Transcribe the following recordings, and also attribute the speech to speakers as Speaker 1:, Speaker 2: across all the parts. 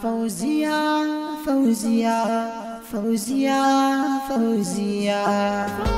Speaker 1: Fauzia, Fauzia, Fauzia, Fauzia. Fauzia.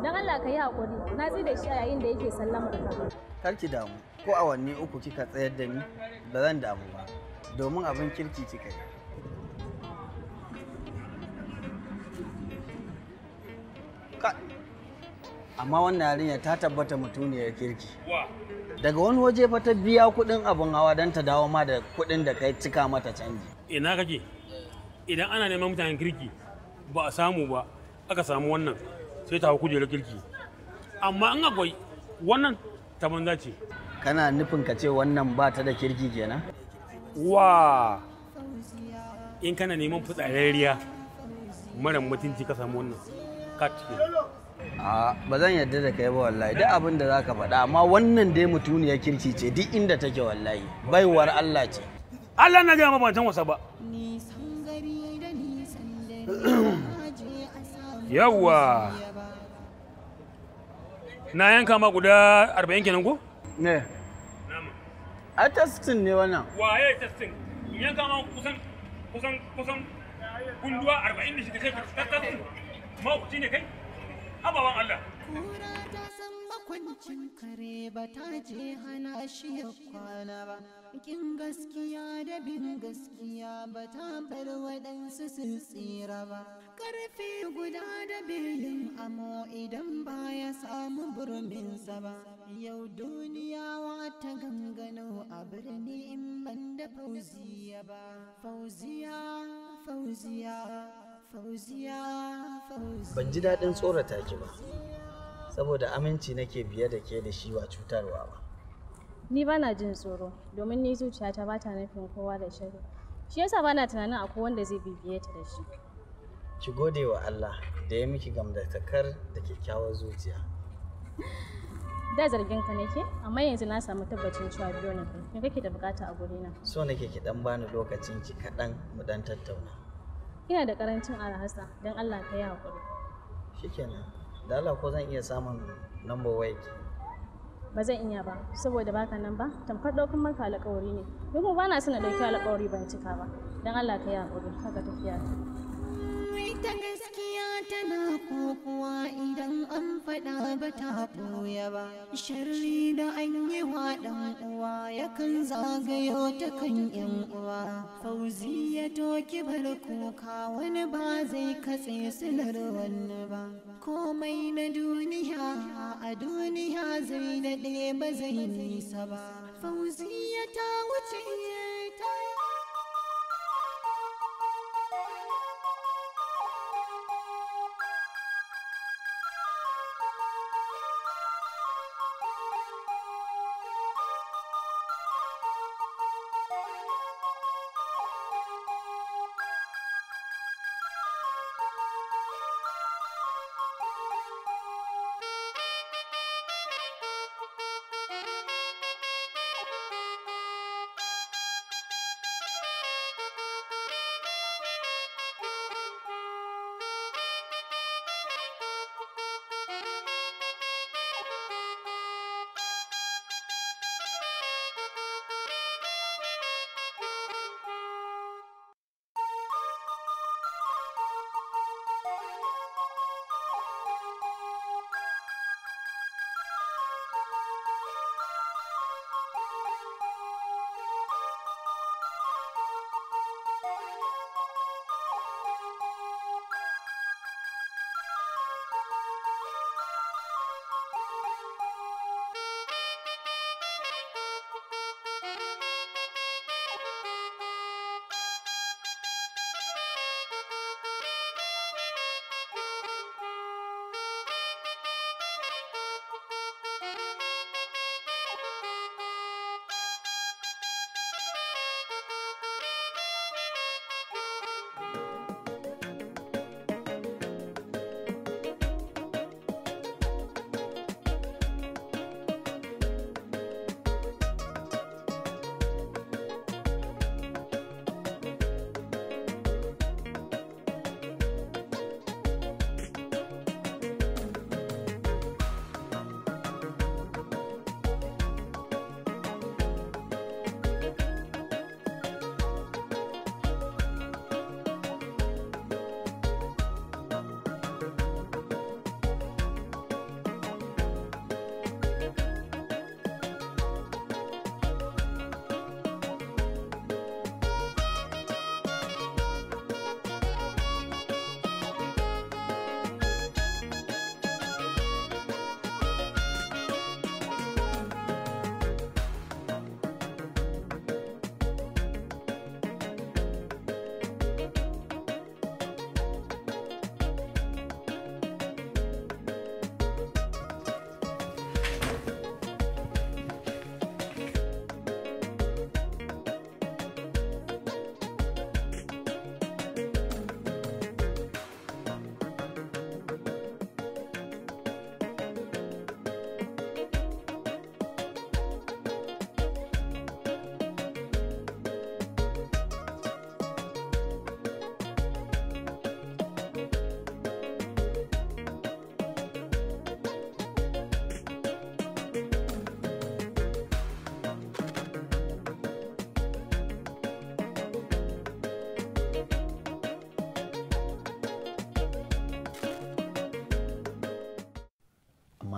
Speaker 2: don Allah ka yi haƙuri na ji da shi a yayin da yake sallama
Speaker 3: ka kar ki damu ko awanni uku kika tsayar da ni ba zan damu ba domin abin kirki kika yi amma wannan yarinya ta tabbata mutuniyar kirki daga wani waje fa ta biya kuɗin abin hawa don ta dawo ma da kuɗin da kai cika mata canji ina kake idan ana neman mutanen kirki ba a samu ba aka samu wannan sai ta hau da kirki amma in akwai wannan ta banza ce kana nufin ka ce wannan ba ta da kirki kenan wa in kana neman fitsararriya mara mutunci ka samu wannan a ba zan yarda da kai ba wallahi duk abin da zaka faɗa amma wannan dai mutuniyar kirki ce duk inda take wallahi baiwar Allah ce Allah na gaya ma ban wasa ba yawwa na yanka ma guda 40 kenan ko ne a testin ne wannan
Speaker 4: waye testin yanka ma kusan kusan kusan gunduwa 46 kai ka testin
Speaker 3: ma ku ne kai abawan Allah
Speaker 1: kura ta san makwancin kare ba ta je hana shi ya kwana ba kin gaskiya da bin gaskiya ba ta bar waɗansu sun tsira ba karfe guda da belin amo idan ba ya samu burminsa ba yau duniyawa ta gangano a birni in ban da fauziya ba fauziya fauziya fauziya fauziya ban ji
Speaker 3: daɗin tsorata ki ba saboda aminci nake biye da ke da shi ba cutarwa ba
Speaker 2: ni bana jin tsoro domin ni zuciyata ba ta nufin kowa da shiru shi yasa bana tunanin akwai wanda zai bibiye ta da shi
Speaker 3: ki gode wa Allah da ya miki gamdatakar da kyakkyawar zuciya
Speaker 2: da zargin ka nake amma yanzu na samu tabbacin cewa biyo ne me kake da bukata a gurina?
Speaker 3: so nake ki dan bani lokacin ki kadan mu dan tattauna
Speaker 2: ina da karancin alhasa dan Allah ka yi hakuri
Speaker 3: shikenan da Allah ko zan iya samun number waya ki
Speaker 2: ba zan iya ba saboda baka nan ba tamkar daukan maka alƙawari ne domin ba na son na dauki alƙawari ban cika ba dan Allah ka yi hakuri kaga tafiya
Speaker 1: ta gaskiya tana kokowa idan an faɗa ba ta ɓoye ba shirri da an yi wa ɗan uwa yakan zagayo ta kan yan uwa fauzi ya toki bar kuka wani ba zai katse na wani ba komai na duniya a duniya zai daɗe ba zai nisa ba fauzi ya ta wuce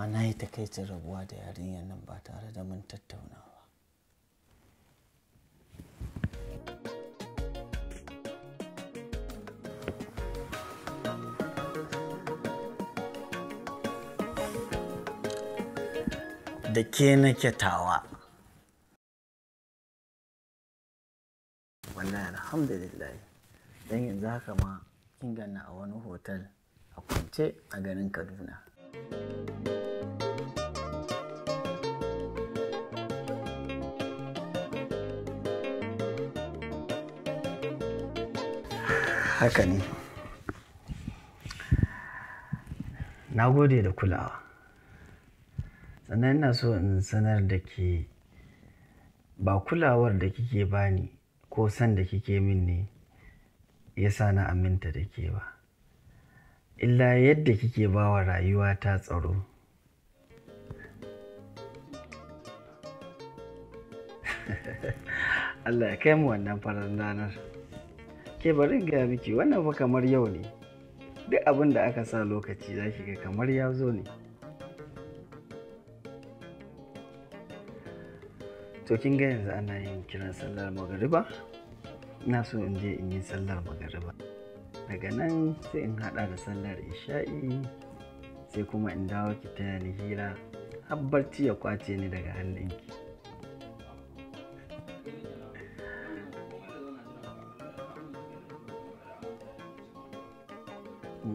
Speaker 3: na yi takaicin rabuwa da yarinyar nan ba tare da mun tattauna ba da ke na kyatawa. wallahi alhamdulillah don yanzu haka ma kin ganna a wani hotel a kwance a garin kaduna thank you haka ne na gode da kulawa sannan ina so in sanar da ke ba kulawar da kike bani ko san da kike min ne ya sa na aminta da ke ba illa yadda kike ba wa rayuwa ta tsaro Allah ya kai mu wannan farar ranar. ke bari gaya miki wannan ba kamar yau ne duk abin da aka sa lokaci za shi ga kamar ya zo ne to kin ga yanzu ana yin kiran sallar magariba na so in je in yi sallar magariba daga nan sai in hada da sallar
Speaker 1: isha'i
Speaker 3: sai kuma in dawo ki taya ni hira har barci ya kwace ni daga hannunki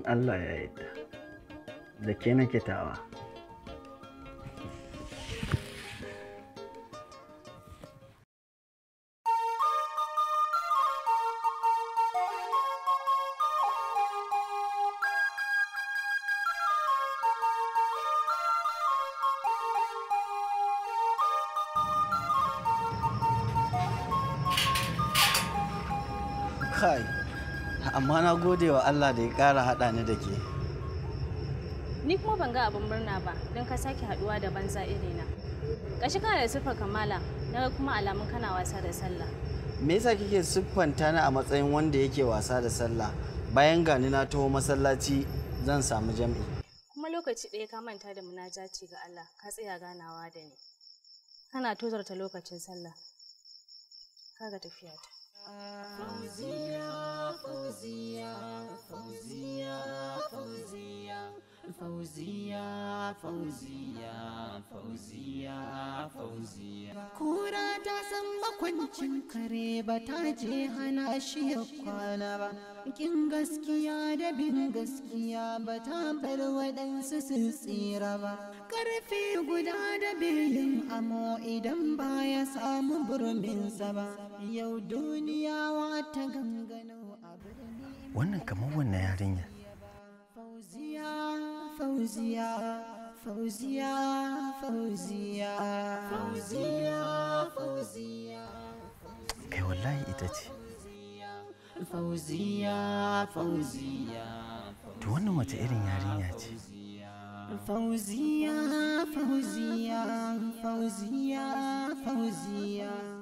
Speaker 3: Allah ya yadda da ke nake tawa na gode wa Allah da ya ƙara haɗa ni da ke.
Speaker 2: Ni kuma ban ga abin murna ba don ka sake haɗuwa da banza irina. Kashi kana da siffar kamala na ga kuma alamun kana wasa da sallah.
Speaker 3: Me yasa kike siffanta ni a matsayin wanda yake wasa da sallah bayan gani na taho masallaci zan samu jam'i.
Speaker 2: Kuma lokaci ɗaya ka manta da munajaci ga Allah ka tsaya ganawa da ni. Kana tozarta lokacin sallah. Kaga tafiya ta.
Speaker 1: Fãozinha, fãozinha, fãozinha, fãozinha. fauziya fauziya fauziya fauziya kura ta san makwancin kare ba ta je hana shi ya kwana ba kin gaskiya da bin gaskiya ba ta bar waɗansu sun tsira ba Ƙarfe guda da belin amo idan ba ya samu burminsa ba yau duniya wata gangano a
Speaker 3: birni wannan kamar wannan yarinya
Speaker 1: fauziya fauziya fauziya fauziya fauziya fauziya
Speaker 3: kai wallahi ita ce
Speaker 1: fauziya fauziya
Speaker 3: to wannan wace irin
Speaker 4: yarinya ce
Speaker 1: fauziya fauziya fauziya fauziya